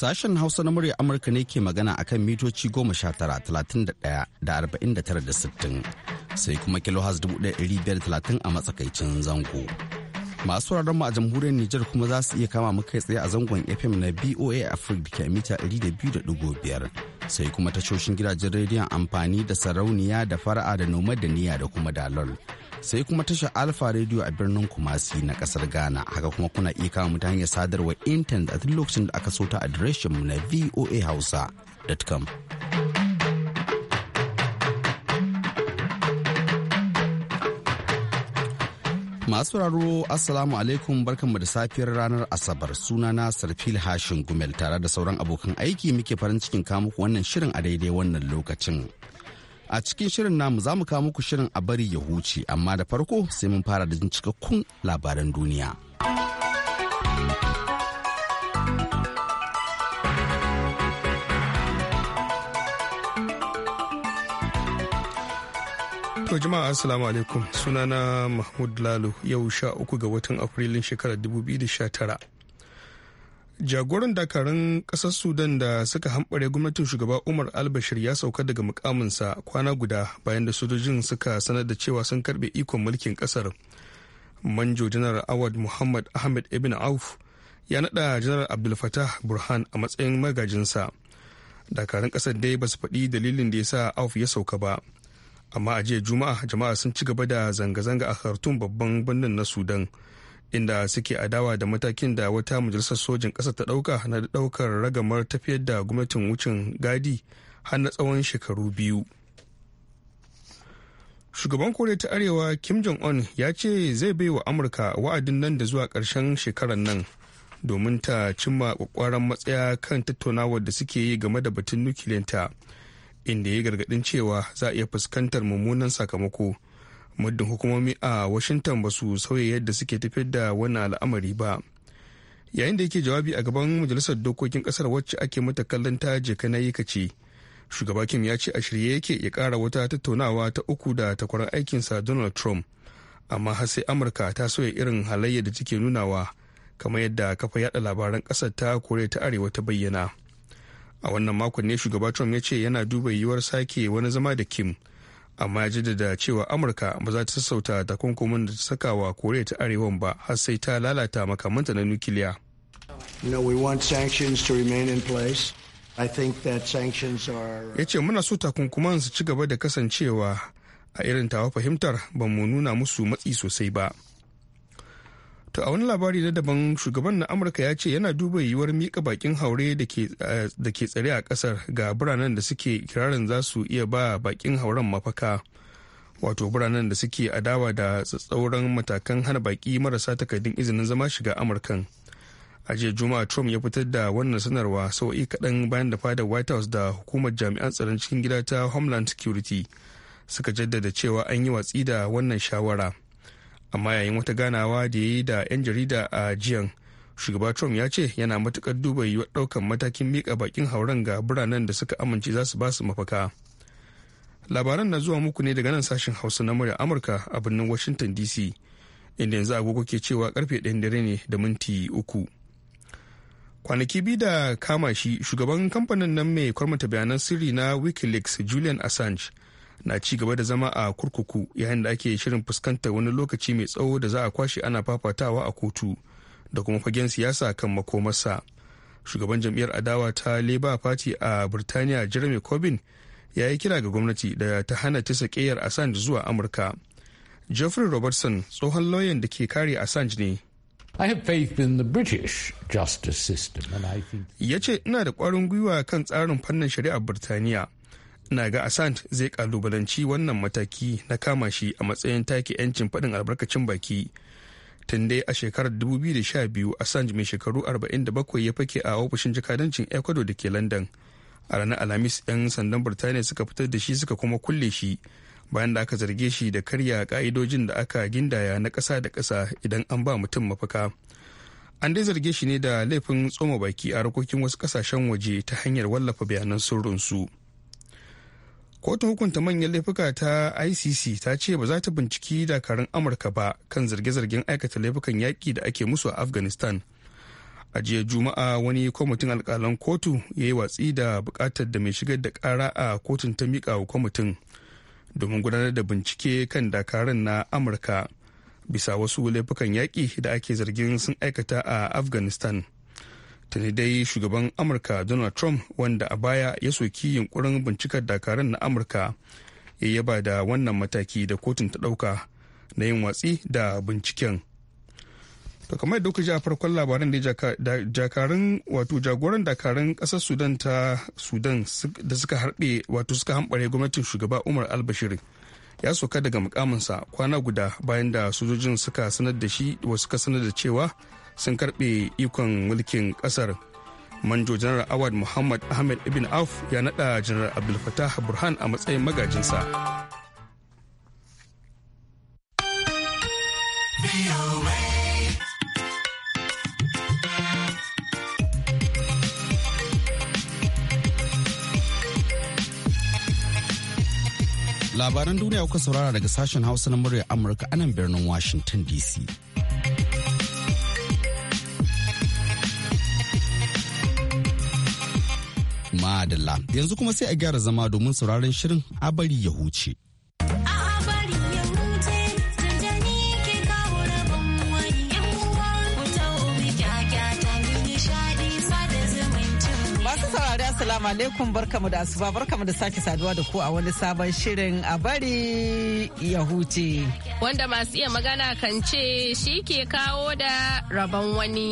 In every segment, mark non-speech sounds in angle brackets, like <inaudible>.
Sashen Hausa na murya Amurka ne ke magana akan a kan mitoci 19,31,49,60 sai kuma kilohaz 1,530 a matsakaicin zango. Masu wuraren mu a jamhuriyar Nijar kuma za su iya kama mu kai tsaye a zangon FM na BOA Africa da mita 200.5 sai kuma tashoshin gidajen rediyon amfani da sarauniya da fara'a da noma da niyya da kuma dalol. sai kuma tashar alfa radio a birnin kumasi na kasar ghana haka kuma kuna iya kama mutane hanyar sadarwar intanet a tun lokacin da aka so ta adireshin mu na voa hausa.com Masu raro Assalamu alaikum barkanmu da safiyar ranar Asabar sunana Sarfil Hashin Gumel tare da sauran abokan aiki muke farin cikin kamuku wannan shirin a daidai wannan lokacin. A cikin shirin namu za mu kawo muku shirin a bari ya huce amma da farko sai mun fara da cikakkun labaran duniya. To jama'a assalamu alaikum sunana Mahmud Lalo yau sha uku ga watan Afrilun shekarar 2019. jagoran dakarun kasar sudan da suka hambare gwamnatin shugaba umar albashir ya sauka daga mukaminsa kwana guda bayan da sojojin suka sanar da cewa sun karbe ikon mulkin kasar manjo janar awad muhammad ahmed ibn auf ya naɗa janar abdul fatah burhan a matsayin magajinsa dakarun kasar dai ba su faɗi dalilin da ya sa auf ya sauka ba amma a jiya juma'a jama'a sun ci gaba da zanga-zanga a khartoum babban birnin na sudan inda suke adawa da matakin da wata majalisar sojin ƙasa ta ɗauka na ɗaukar ragamar tafiyar da gwamnatin wucin gadi har na tsawon shekaru biyu. Shugaban Koriya ta Arewa Kim Jong-un ya ce zai bai wa Amurka wa'adin nan da zuwa ƙarshen shekarar nan domin ta cimma kwakwaran matsaya kan tattaunawar da suke yi game da batun nukiliyanta inda ya gargaɗin cewa za a iya fuskantar mummunan sakamako. muddin hukumomi a washington ba su sauya yadda suke tafiyar da wannan al'amari ba yayin da yake jawabi a gaban majalisar dokokin kasar wacce ake mata kallon ta jeka na yi kace shugaba kim ya ce a shirye yake ya kara wata tattaunawa ta uku da takwarar aikinsa donald trump amma har sai amurka ta sauya irin halayya da take nunawa kamar yadda kafa yada labaran kasar ta kore ta arewa ta bayyana a wannan makon ne shugaba trump ya ce yana duba yiwuwar sake wani zama da kim amma ya jaddada cewa amurka ba za ta sassauta takunkumin da ta saka wa koriya ta arewan ba har sai ta lalata makamanta na nukiliya uh, ya ce muna so takunkuman su ci gaba da kasancewa a irin tawa fahimtar ba mu nuna musu matsi sosai ba To a wani labari na daban shugaban na Amurka ya ce yana duba yiwuwar mika bakin haure da ke eh, tsare a kasar ga biranen da suke kirarin za su iya ba bakin hauren mafaka. Wato biranen da suke adawa da tsatsauran matakan hana baki marasa takardun izinin zama shiga Amurkan. A jiya Juma'a Trump ya fitar da wannan sanarwa sau'i kaɗan bayan da fadar White House da hukumar jami'an tsaron cikin gida ta Homeland Security suka jaddada cewa an yi watsi da wannan shawara. amma yayin wata ganawa da ya yi da 'yan jarida a jiyan shugaba trump ya ce yana matukar duba yiwuwar daukan matakin mika bakin hauren ga biranen da suka amince za su ba su mafaka labaran na zuwa muku ne daga nan sashen hausa na murya amurka a birnin washington dc inda yanzu agogo ke cewa karfe ɗayan dare ne da minti uku kwanaki biyu da kama shi shugaban kamfanin nan mai kwarmata bayanan sirri na wikileaks julian assange na ci gaba da zama a kurkuku yayin da ake shirin fuskantar wani lokaci mai tsawo da za a kwashe ana fafatawa a kotu da kuma fagen siyasa kan makomarsa shugaban jam'iyyar adawa ta labour party a birtaniya jeremy corbyn ya yi kira ga gwamnati da ta hana ta sakeyar assange zuwa amurka geoffrey robertson tsohon lauyan da ke kare assange ne I have faith in the British justice system Ya ce, ina da kwarin gwiwa kan tsarin fannin shari'ar Birtaniya. na ga assad zai kalubalanci wannan mataki na kama shi a matsayin take 'yancin faɗin albarkacin baki tun dai a shekarar 2012 assange mai shekaru 47 ya fake a ofishin jakadancin ecuador da ke london a ranar alhamis 'yan sandan birtaniya suka fitar da shi suka kuma kulle shi bayan da aka zarge shi da karya ka'idojin da aka gindaya na ƙasa da ƙasa idan an ba mutum mafaka an dai zarge shi ne da laifin tsoma baki a harkokin wasu ƙasashen waje ta hanyar wallafa bayanan sirrinsu kotun hukunta manyan laifuka ta icc ta ce ba za ta binciki dakarun amurka ba kan zarge-zargen aikata laifukan yaƙi da ake musu a afghanistan a jiya juma'a wani kwamitin alkalan kotu ya yi watsi da buƙatar da mai shigar da ƙara a kotun ta miƙa wa kwamitin domin gudanar da bincike kan dakarun na amurka bisa wasu laifukan yaƙi da ake zargin sun aikata a afghanistan tuni dai shugaban amurka donald trump wanda a baya ya soki yunkurin bincikar dakaran na amurka ya yaba da wannan mataki da kotun ta ɗauka na yin watsi da binciken to kamar yadda kuka ji a farkon labaran da jakarun wato jagoran dakarun ƙasar sudan ta sudan da suka harbe wato suka hambare gwamnatin shugaba umar albashir ya soka daga mukaminsa kwana guda bayan da sojojin suka sanar da shi wa suka sanar da cewa sun karbe ikon mulkin kasar manjo janar awad muhammad ahmed ibn auf ya nada janar abdul fatah burhan a matsayin magajinsa labaran duniya kuka saurara daga sashen hausa na murya amurka anan birnin washington dc madalla yanzu kuma sai a gyara zama domin sauraron shirin abari ya huce. Assalamu alaikum barkamu da asuba barkamu da sake saduwa da ku a wani sabon shirin a bari ya huce. Wanda masu iya magana kan ce shi ke kawo da rabon wani.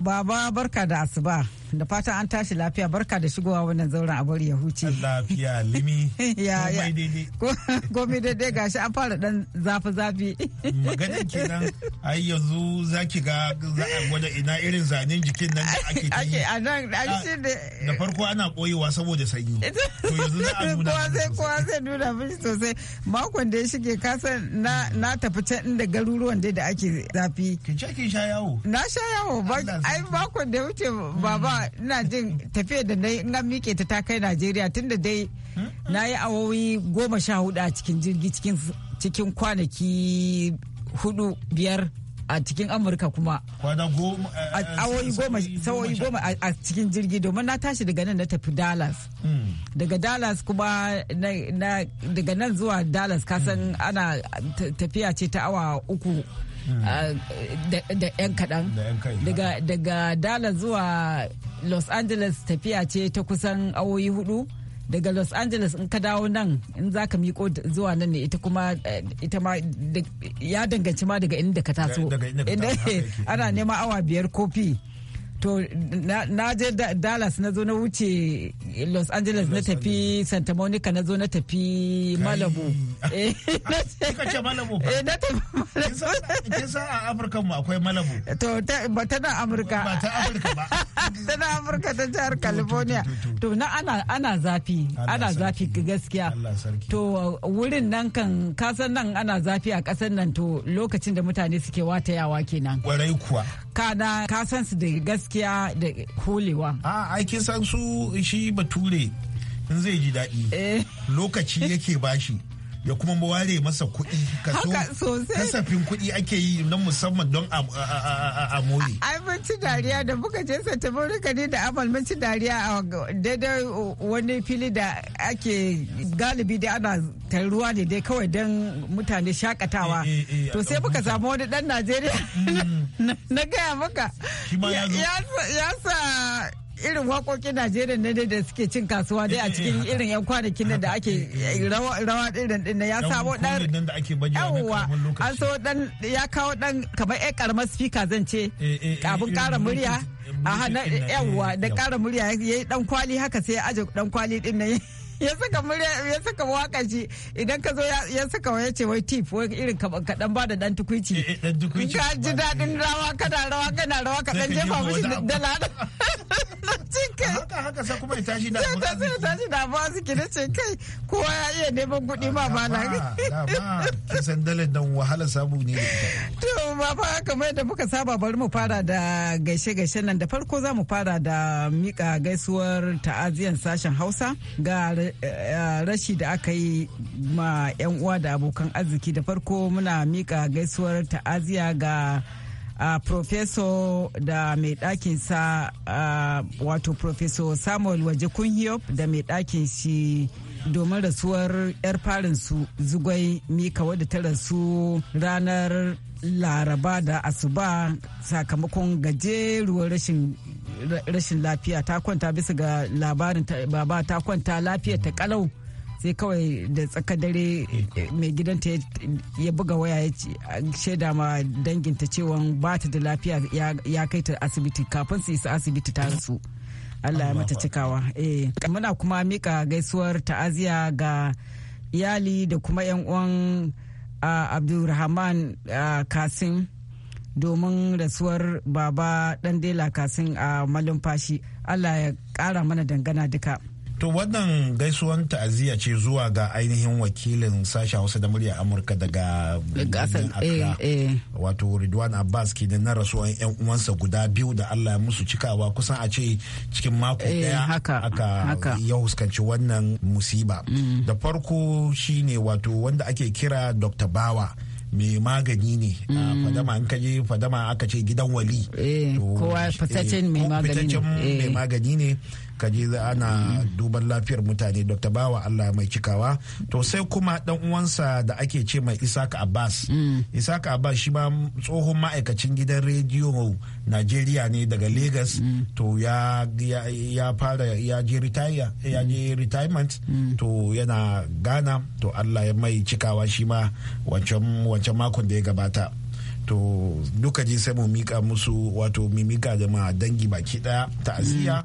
Baba barka da asuba. da fatan an tashi lafiya barka da shigowa wannan zauren a bari ya huce lafiya limi <laughs> ya ya komai daidai gashi an fara dan zafi zafi maganin kenan ai yanzu zaki ga za a gwada ina irin zanen jikin nan da ake ta yi <laughs> a nan da farko ana koyewa saboda sanyi to yanzu za a nuna <laughs> kowa sai kowa sai nuna mishi sosai makon da ya shige kasan na na tafi can inda garuruwan dai da ake zafi kin ce kin sha yawo na sha yawo ba ai makon da ya wuce baba ina jin tafiya da na in an miƙe ta ta kai Najeriya tunda dai na yi awowi goma sha hudu a cikin jirgi cikin kwanaki hudu biyar a cikin amurka kuma awoyi goma a cikin jirgi domin na tashi daga nan na tafi dallas hmm. daga dallas kuma daga nan zuwa dallas kasan hmm. ana tafiya ce ta awa uku hmm. eh, da 'yan kaɗan daga dallas zuwa los angeles tafiya ce ta kusan awoyi hudu daga los angeles in ka dawo nan in za ka miko zuwa nan ne ita kuma eh, ita ma ya danganci ma daga inda ka taso <laughs> ana nema awa biyar kofi to na je dallas na zo na wuce los angeles na tafi santa monica na zo na tafi malabo <laughs> eh, eh na tafi malabu malabo a afirka mu akwai malabu to ba ta na amurka ba ta afirka ba <laughs> ta na amurka ta jihar california to na ana ana zafi ana zafi gaskiya to wurin nan kan kasan nan ana zafi a kasan nan to lokacin da mutane suke watayawa kenan kwarai kuwa kana kasan su da gaskiya gaskiya da kolewa. a aikin san su shi bature in zai ji daɗi eh. lokaci yake bashi ya kuma ware masa kuɗi kaso kasafin kuɗi ake yi na musamman don a moye. Abinci dariya da muka je Santa ne da amalmanci dariya a daidai wani fili da ake galibi da ana taruwa ne dai kawai don mutane shakatawa. Eh, eh, eh, to sai muka samu wani dan Najeriya mm. <laughs> na gaya maka. Ya sa irin waƙoƙin Najeriya ne da suke cin kasuwa dai a cikin eh, irin yan kwanakin da ake rawa irin din ya samo dan yawwa an so dan ya kawo dan kamar yan karamar zan ce eh, eh, abin ƙara murya a hannun yawwa da ƙara murya ya yi dan kwali haka sai ya aje dan kwali din <laughs> ya saka murya ya saka waka idan ka zo ya saka ya ce wai tip wai irin kaɗan ba da dan tukuici eh, eh, ka ji dadin rawa kana rawa kana rawa ka dan jefa mishi dala <laughs> haka haka sai kuma ita tashi da ta sai ta shi da abuwa suke da ce kai kowa ya iya neman kuɗi ma ba na kin san dalin dan wahala sabu ne to ma fa kamar da muka saba bari mu fara da gaishe-gaishe nan da farko za mu fara da mika gaisuwar ta'aziyan sashen Hausa ga Eh, rashi da aka yi ma 'yan uwa da abokan arziki da farko muna mika gaisuwar ta'aziya ga profeso da mai ɗakin sa wato profeso samuel waje kunhiyop da mai ɗakin shi domin rasuwar 'yar farinsu zugwai mika wadda ta rasu ranar laraba da asuba sakamakon gajeruwar rashin rashin lafiya ta kwanta bisa ga labarin baba ta kwanta lafiyar ta kalau sai kawai da tsaka dare mai gidanta ya buga waya ya shaida ma danginta cewa ba ta da lafiya ya kai ta asibiti kafin su isa asibiti ta rasu. Allah ya mata cikawa eh muna kuma mika gaisuwar ta'aziya ga iyali da kuma yan uwan Abdulrahman Kasim domin rasuwar baba Dandela Kasim a malumfashi Allah ya kara mana dangana duka To wannan gaisuwan ta'aziyya ce zuwa ga ainihin wakilin sashen Hausa da murya Amurka daga Accra. Eh, eh. Wato Ridwan Abbas ke da na rasuwan 'yan uwansa guda biyu da Allah ya musu cikawa kusan a ce cikin mako daya eh, aka ya huskanci wannan musiba. Mm. Da farko shine wato wanda ake kira Dr. Bawa. mai magani ne mm. fadama an kaje fadama aka ce gidan wali kowa fitaccen mai magani ne ka je ana duban lafiyar mutane dr bawa allah mai cikawa to sai kuma dan uwansa da ake ce mai isaka abbas mm. isaka abbas shi ma tsohon ma'aikacin gidan rediyo najeriya ne daga lagos mm. to ya fara ya je mm. retirement to yana ghana to allah ya mai cikawa shi ma wancan makon da ya gabata to duka je sai mu mika musu wato mimika da ma dangi baki daya ta'aziyya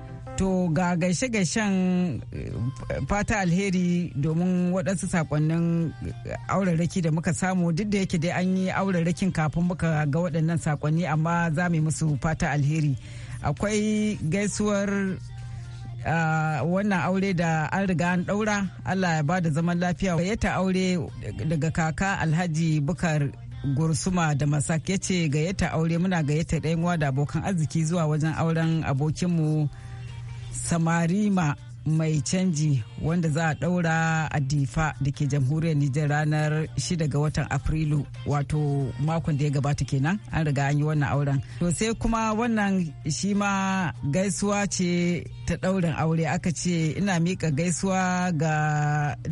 To ga gaishe-gaishen eh, fata alheri domin waɗansu sakonnin eh, auraraki da muka samu duk da yake dai an yi aurarakin kafin muka ga waɗannan sakonni amma za mu musu fata alheri. Akwai gaisuwar ah, wannan aure da an riga an ɗaura Allah ya bada zaman lafiya. Gayyata aure daga kaka Alhaji Bukar gursuma da masak ya ce gayyata aure muna gayyata ɗayan da abokan arziki zuwa wajen auren abokinmu. samarima mai canji wanda za a daura a difa da ke jamhuriyar nijar ranar 6 ga watan afrilu wato makon da ya gabata kenan an riga an yi wannan auren to sai kuma wannan shi ma gaisuwa ce ta daurin aure aka ce ina mika gaisuwa ga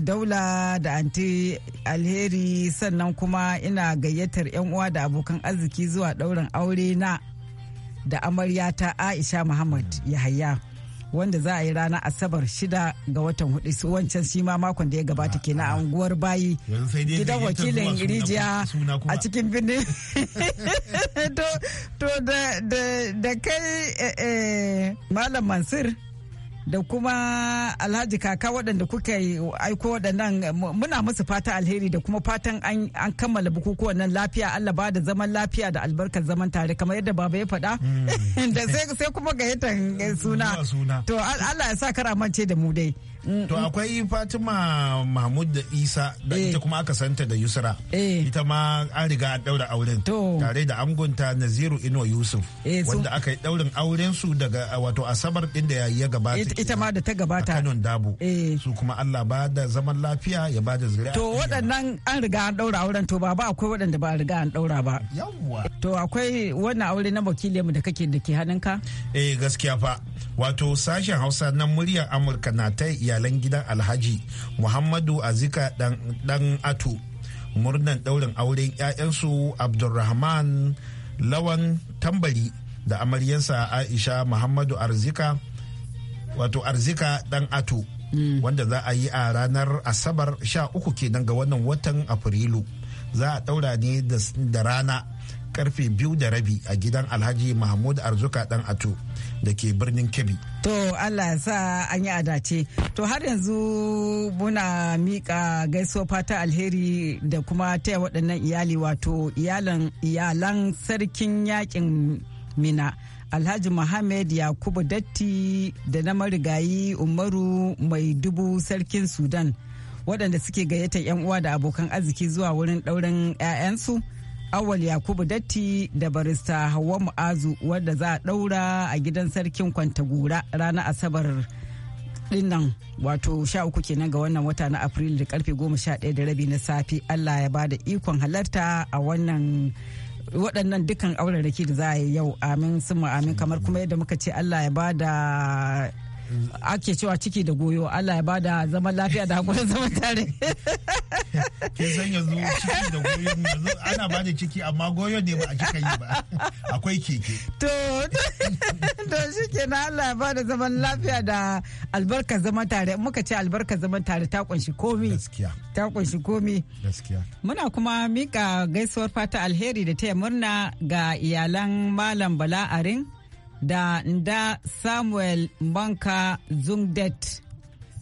daula da anti alheri sannan kuma ina gayyatar yan uwa da abokan arziki zuwa daurin aure na da amarya ta aisha muhammad yahaya wanda za a yi rana asabar shida ga watan hudu wancan shi ma makon da ya gabata ah, ke na unguwar ah. bayi gidan wakilin rijiya a cikin birni <laughs> to da kai eh, eh, malam mansur da kuma alhaji kaka waɗanda kuka aiko waɗannan muna musu fata alheri da kuma fatan an kammala bukukuwan nan lafiya Allah ba da zaman lafiya da albarkar zaman tare kamar yadda baba ya faɗa mm. <laughs> da sai kuma gayyatar eh, suna to Allah ya sa karamance da mu dai Mm, to mm. akwai Fatima Mahmud da Isa da eh. ita kuma aka santa da Yusra. Eh. Ita ma an riga an daura auren. Tare da angunta Naziru Ino Yusuf. Eh, wanda aka yi daurin auren su daga wato Asabar din da ya gabata. Ita ma da ta gabata. Kanon Dabo. Su kuma Allah ba da zaman lafiya ya ba da zuriya. To waɗannan an riga an daura auren to ba ba akwai waɗanda ba riga an daura ba. Yawwa. To akwai wannan aure na wakiliyarmu da kake da ke hannunka? Eh gaskiya fa. wato sashen hausa na muryar amurka na ta iyalan gidan alhaji muhammadu azika dan atu murnan daurin auren 'ya'yansu abdulrahman lawan tambari da amaryansa aisha muhammadu arzika wato arzika dan atu mm. wanda za a yi a ranar asabar 13 kenan ga wannan watan afrilu za a daura ne da rana karfe biyu da rabi a gidan alhaji mahmud arzuka dan atu da ke birnin kebbi to allah ya sa an yi adace to har yanzu muna miƙa gaisuwa fata alheri da kuma taya waɗannan iyali wato iyalan sarkin yakin mina alhaji Muhammad yakubu datti da na marigayi umaru mai dubu sarkin sudan waɗanda suke gayyata 'yan uwa da abokan arziki zuwa wurin ɗaurin 'ya'yansu. awal yakubu datti da barista hawa mu'azu wadda za a ɗaura a gidan sarkin Kwantagura, ranar asabar dinnan wato sha uku kenan ga wannan wata na afrilu da karfe goma sha ɗaya da rabi na safe allah ya bada ikon halarta a wannan waɗannan dukkan auren da za a yi yau amin suma amin kamar kuma yadda muka ce allah ya ba da. ake cewa ciki da goyo Allah ya bada zaman lafiya da hakurin <laughs> zaman tare ke san yanzu ciki da goyo yanzu ana bada ciki amma goyo ne ba a cika yi ba akwai keke to to na Allah ya bada zaman lafiya da albarka zaman tare muka ce albarka zaman tare ta kunshi komi gaskiya ta kunshi komi gaskiya muna kuma mika gaisuwar fata alheri da taya murna ga iyalan malam Bala Arin da nda samuel banka zungdet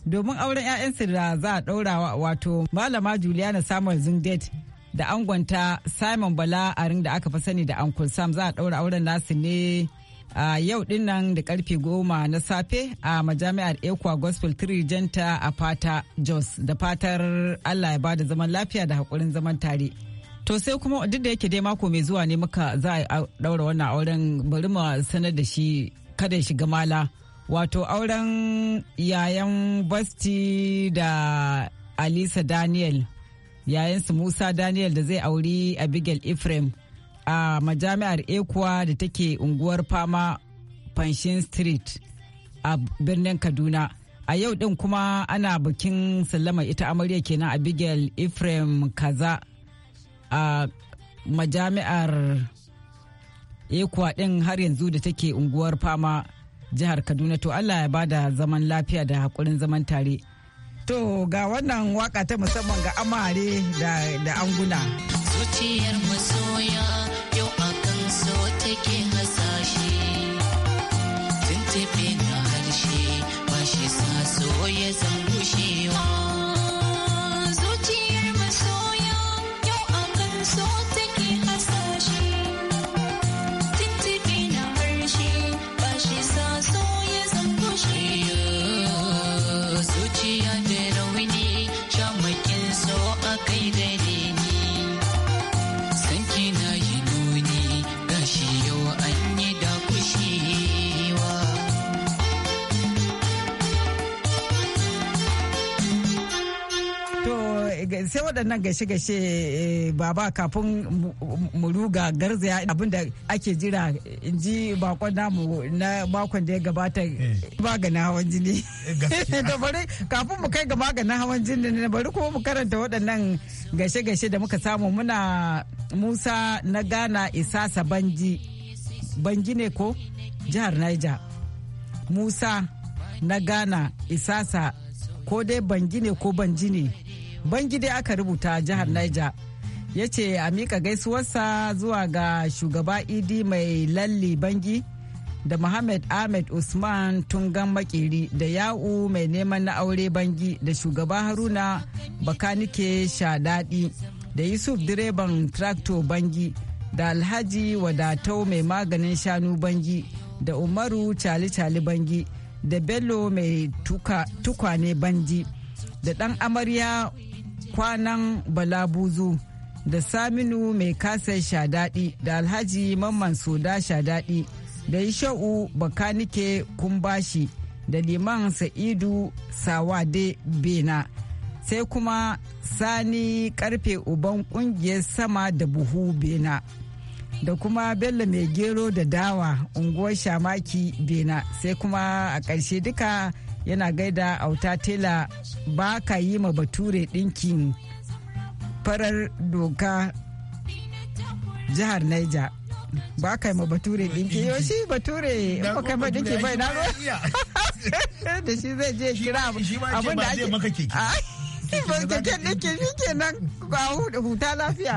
domin auren 'ya'yansu da za a ɗaura wato malama juliana samuel zungdet da angonta simon bala a da aka fi sani da uncle sam za a ɗaura auren nasu ne a yau dinnan da karfe goma na safe a majami'ar ekwa gospel trijanta a fata jos da fatar allah ya bada zaman lafiya da haƙurin zaman tare To sai kuma duk da yake dai mako mai zuwa ne muka za a daura wannan auren bari mu sanar da shi kada shiga mala. Wato auren yayan Basti da Alisa Daniel, yayansu Musa Daniel da zai auri Abigail Ephraim a majami'ar Ekuwa da take unguwar fama Fanshin Street a birnin Kaduna. a yau din kuma ana bikin sallama ita amarya kenan abigail ephraim kaza a majami'ar ekwa ɗin har yanzu da take unguwar fama jihar kaduna to allah ya bada zaman lafiya da hakurin zaman tare to ga wannan waka ta musamman ga amare da anguna zuciyar masoya yau kan so take hasashe tuntube na harshe ba shi sa so ya zama sai waɗannan gaishe-gaishe eh, baba kafin mu ruga garzaya abinda ake jira in ji bakon namu na makon da ya gabata maganin eh. hawan jini da eh, <laughs> bari kafin mu kai ga maganin hawan jini na bari kuma mu karanta waɗannan gaishe-gaishe da muka samu muna musa na ghana isasa banji banji ne ko jihar niger musa na ghana isasa ko dai bangi ne ko banji ne Bangide aka rubuta jihar mm. Niger. Ya ce a mika gaisuwarsa zuwa ga shugaba idi mai lalli bangi da Muhammad Ahmed Usman Tungan Makeri da Ya'u mai neman na aure bangi da shugaba Haruna Bakanike Shadadi da Yusuf direban Trakto bangi da Alhaji Wadatau mai maganin shanu bangi da Umaru Cali-Cali bangi da Bello mai tukwane bangi da ɗan amarya kwanan balabuzu da saminu mai kasar shadadi da alhaji mamman soda shadadi da isha'u bakanike kumbashi da liman sa'idu sawade bena sai kuma sani karfe uban kungiyar sama da buhu bena da kuma bello mai gero da dawa unguwar shamaki bena sai kuma a ƙarshe duka yana gaida auta tela ba ka yi ma bature dinkin farar doka jihar Niger. ba kai ma bature dinki yau shi bature ba kai ma dinki bai na <laughs> da shi zai je kira abin da ake maka keke keken dinki shi ke nan huta lafiya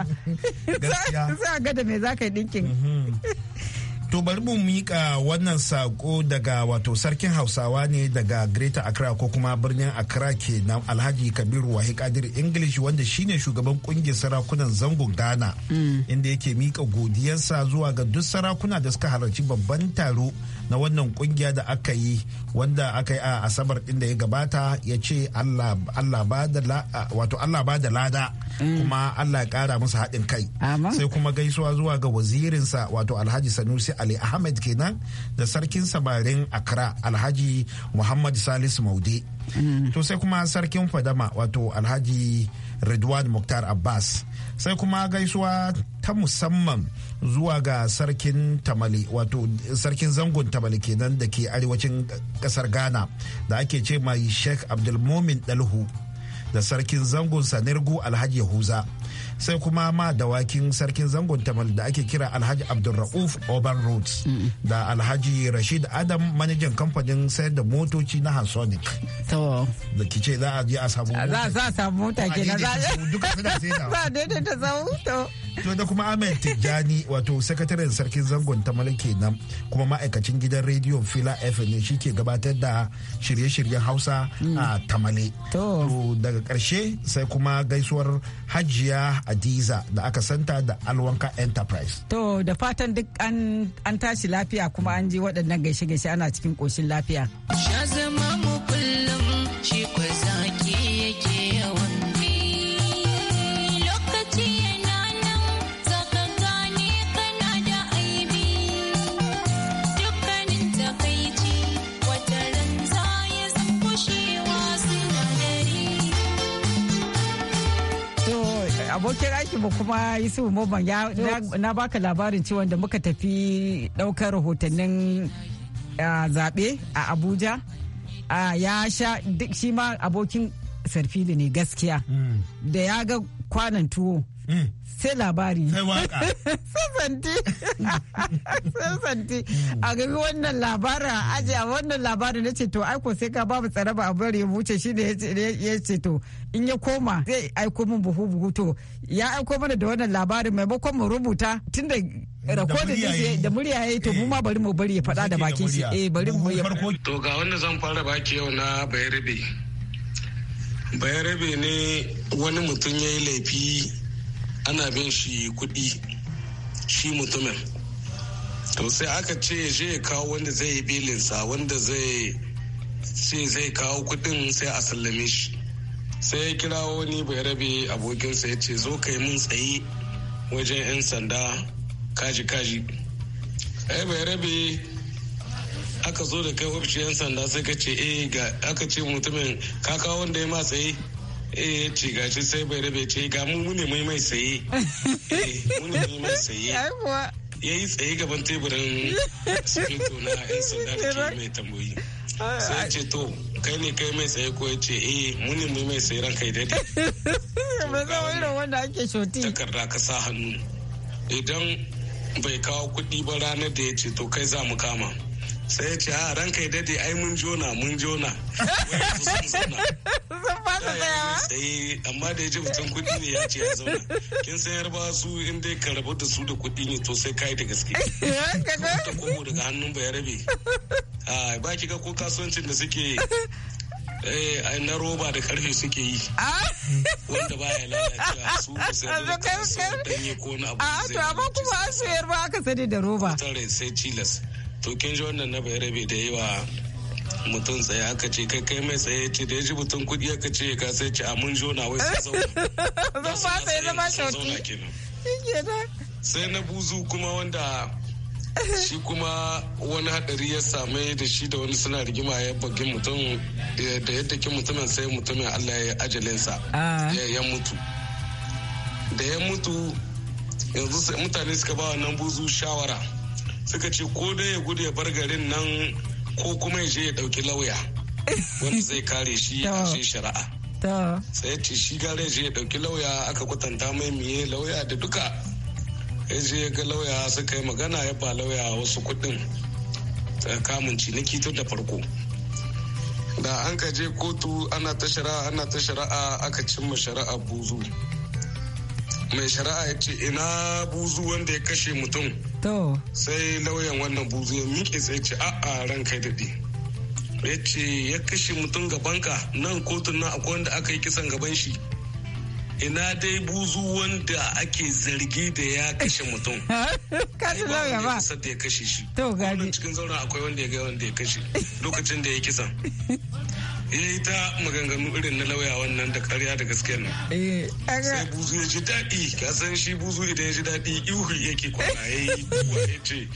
<laughs> za ga da me za ka yi dinkin mhm. To bari mu mika wannan sako daga wato sarkin Hausawa ne daga Greater Accra ko kuma birnin Accra ke na Alhaji Kabiru Wahi Kadir English wanda shine shugaban kungiyar sarakunan zangon Ghana mm. inda yake mika godiyarsa zuwa ga duk sarakuna da suka halarci babban taro na wannan kungiya da aka yi wanda aka yi a Asabar din da ya gabata ya ce Allah ba da lada mm. kuma Allah ya kara musu haɗin kai sai kuma gaisuwa zuwa ga wazirinsa wato Alhaji Sanusi Ali Ahmed kenan da sarkin samarin Accra Alhaji Muhammad Salisu Maude. Mm. To sai kuma sarkin Fadama wato Alhaji Ridwan mukhtar Abbas. Sai kuma gaisuwa ta musamman zuwa ga sarkin tamale wato sarkin zangon tamale kenan da ke arewacin kasar Ghana da ake ce mai Sheikh Abdulmumin Dalhu da sarkin zangon Sanirgu Alhaji Yahuza. sai kuma ma dawakin sarkin zangon tamal da ake kira alhaji abdulra'uf urban roads da alhaji rashid adam manajan kamfanin sayar da motoci na hansonic da ce za a je a samu mota za a samu mota kenan za a <laughs> to da kuma ahmed tijjani wato sakataren sarkin zangon ta malake nan kuma ma'aikacin gidan rediyo fila fm ne shi ke gabatar da shirye-shiryen hausa mm. a tamale to daga karshe sai kuma gaisuwar hajiya adiza da aka santa da alwanka enterprise to da fatan duk an tashi lafiya kuma an ji waɗannan gaishe-gaishe ana cikin ƙoshin lafiya hakimu kuma yusuf moban na baka labarin ciwon da muka tafi ɗaukar rahotannin zaɓe a abuja ya sha duk shi ma abokin sarfili ne gaskiya mm. da ya ga kwanan tuwo sai labari santi <laughs> <laughs> a gari wannan labarin aji a wannan labarin na ceto aiko sai ka babu tsare ba a bari ya wuce shi ne ya ceto in ya koma zai aiko min buhu buhu to ya aiko mana da wannan labarin maimakon mu rubuta tunda rakodin da murya ya yi to mu ma eh. bari mu bari ya faɗa da bakin shi eh bari mu ya to ga wannan zan fara baki yau na bayarabe bayarabe ne wani mutum ya yi laifi ana bin shi kudi shi mutumin to sai aka ce je ya kawo wanda zai yi bilinsa wanda zai ce zai kawo kudin sai a sallame shi sai ya kira wani bai rabe abokinsa ya ce zo ka yi mun tsaye wajen 'yan sanda kaji kaji ai bai rabe aka zo da kai ofishin 'yan sanda sai ka ce eh ga aka ce mutumin ka kawo wanda ya ma tsaye eh ci gashi sai bai rabe ce ga mu mune mai mai saye eh, mune mai mai saye <laughs> ya yi tsaye gaban teburin sufito na yan sanda da ke mai tambayi sai ce to kai ne kai mai saye ko ya ce eh mune mai mai saye ran kai daidai <laughs> ba za irin wanda ake shoti takarda ka sa hannu idan bai kawo kuɗi ba ranar da ya ce to kai za mu kama sai ya ce a ah, ranka dade ai mun jona mun jona sun fasa eh, tsayawa sai amma da ya ji mutum kuɗi ne ya ce ya zauna kin san yarba su in dai ka rabu da su da kuɗi ne to sai kai da gaske <laughs> ta komo daga hannun ba ya rabe <laughs> ah, ba ki ga ko kasuwancin da suke eh, na roba da karfe suke yi ah! wanda ba ya lalacewa <laughs> su ba sai da kasu danye ko na abu to amma kuma an sayar ba aka sani da roba to kin ji wannan na bayarabe da yawa mutum tsaye aka ce kai kai mai tsaye ce da ya ji mutum kudi aka ce ka sai ce a mun jona wai ka zauna <laughs> ba sa na zama shoki sai na buzu kuma wanda shi kuma wani hadari ya same da shi da wani suna rigima ya bagi mutum eh, da yadda take mutumin sai mutumin Allah ya ajalinsa ah. ya mutu da ya mutu yanzu sai mutane suka ba wannan buzu shawara suka ce ko dai ya gudu ya bar garin nan ko kuma ya je ya dauki lauya wanda zai kare shi a shari'a sai ce shi gare je ya dauki lauya aka kwatanta mai miye lauya da duka ya je ya ga lauya suka yi magana ya ba lauya wasu kudin kamun ciniki tun da farko da an ka je kotu ana ta shari'a ana ta shari'a aka cimma shari'a buzu mai shari'a ya ce ina buzu wanda ya kashe mutum sai lauyan wannan buzu ya miƙe sai ce a'a ran kai daɗi ya ce ya kashe mutum gabanka nan kotun nan akwai wanda aka yi kisan gaban shi ina dai buzu wanda ake zargi da ya kashe mutum kasu lauya <laughs> ba kisa da ya kashe shi to gani cikin zauren akwai wanda ya ga wanda ya kashe lokacin da ya kisan <laughs> eh ta maganganu irin na lauya wannan da karya da gaske nan eh, sai buzu ya ji daɗi ka san shi buzu idan ya ji daɗi ihu yake kwana ya yi ya ce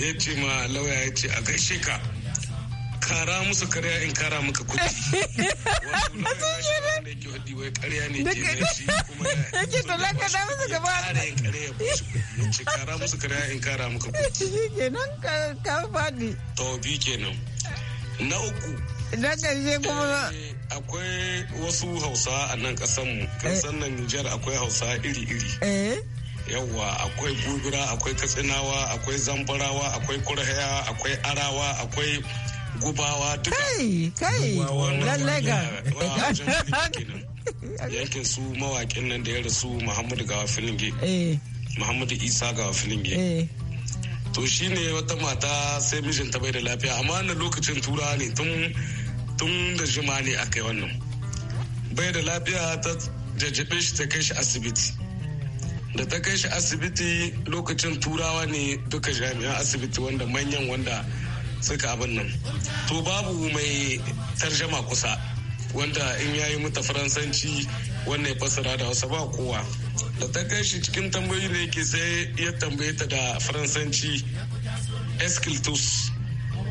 ya ce ma lauya ya ce a gaishe ka kara musu karya in kara maka kuɗi <laughs> yake to laka da musu gaba ya ce kara musu karya in kara maka kuɗi <laughs> kenan ka faɗi to kenan na uku na ƙarshe kuma eh, akwai wasu hausa a nan ƙasanmu ƙasar eh. nan nijar akwai hausa iri-iri eh. yawwa akwai gugura akwai katsinawa akwai zambarawa akwai kurhaya akwai arawa akwai gubawa duka kai kai lallai yankin su mawakin nan da ya rasu muhammadu gawa filinge muhammadu isa gawa filinge to shine wata mata sai mijinta bai da lafiya amma na lokacin tura ne tun tun da juma ne a kai wannan bai da lafiya ta jajjabe shi ta kai shi asibiti da ta kai shi asibiti lokacin turawa ne duka jami'an asibiti wanda manyan wanda suka abin nan to babu mai tarjama kusa wanda in yayi mata faransanci wannan ya fassara da wasu ba kowa da ta kai shi cikin tambayi ne yake sai ya tambaye ta da faransanci eskiltus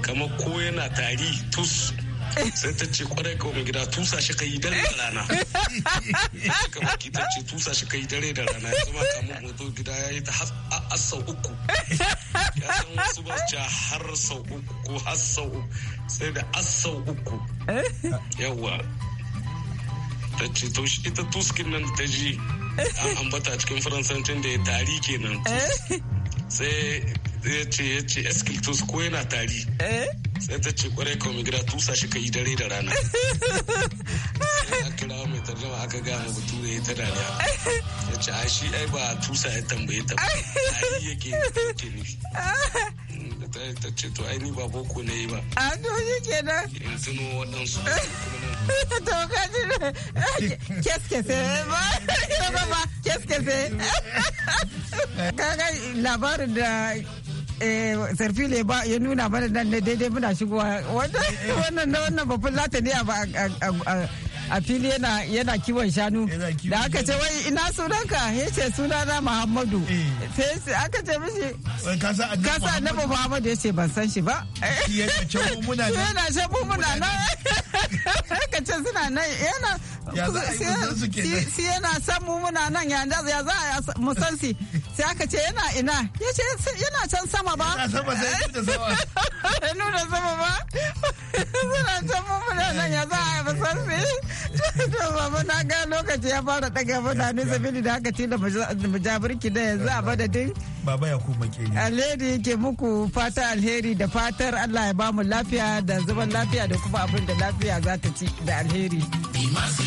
kamar ko yana tari tus sai ta ce kwarai ka mai gida tusa shi kai dare da rana ka maki ta ce tusa shi kai dare da rana yanzu ma kamun hoto gida ya yi ta har sau uku ya san wasu ba ce har sau uku ko har sau uku sai da har sau uku yawwa ta ce to ita tuskin nan ta ji an ambata cikin faransancin da ya tari kenan eh. sai zai ce ya ce eskiltus ko yana tari eh? sai ta ce kwarai kawai gida tusa shi ka yi dare da rana <laughs> kira mai tarjama aka gane bature ya ta dariya ya ce a shi ai ba tusa ya tambaye ta ba a <laughs> yi yake yake Ne ta ce to ai ni ba boko ne ba a doji ke na in tuno waɗansu <laughs> to ka ji keskese eh, ba ba keskese eh. ga labarin da sarfile eh, ba ya nuna mana nan ne daidai muna shigowa wannan wannan babban lata ne a fili yana kiwon shanu da aka ce wai ina sunanka ya ce sunana muhammadu eh. sai aka ce mishi kasa annabi muhammadu ya ce ban san shi ba yana <laughs> shabu muna nan <laughs> ka ce suna nan yana sai yana san mu yana ina ya yana can sama yana can mu ga lokaci ya fara daga da haka da muku fata alheri da fatar Allah ya bamu lafiya da zaman lafiya da kuma abin lafiya za da alheri.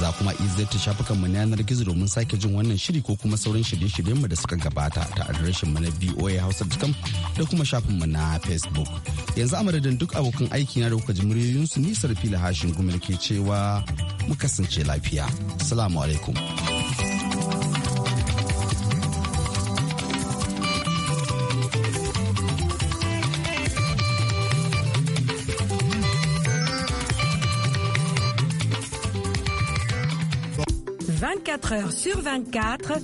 za kuma izarta shafukan mu na yanar gizo domin sake jin wannan shiri ko kuma sauran shirye-shiryen mu da suka gabata ta adireshin mu na hausa da kuma shafin mu na facebook yanzu a madadin duk abokan aiki na da kuka ji su nisar fila hashin gumel ke cewa mu kasance lafiya salamu alaikum 24 h sur 24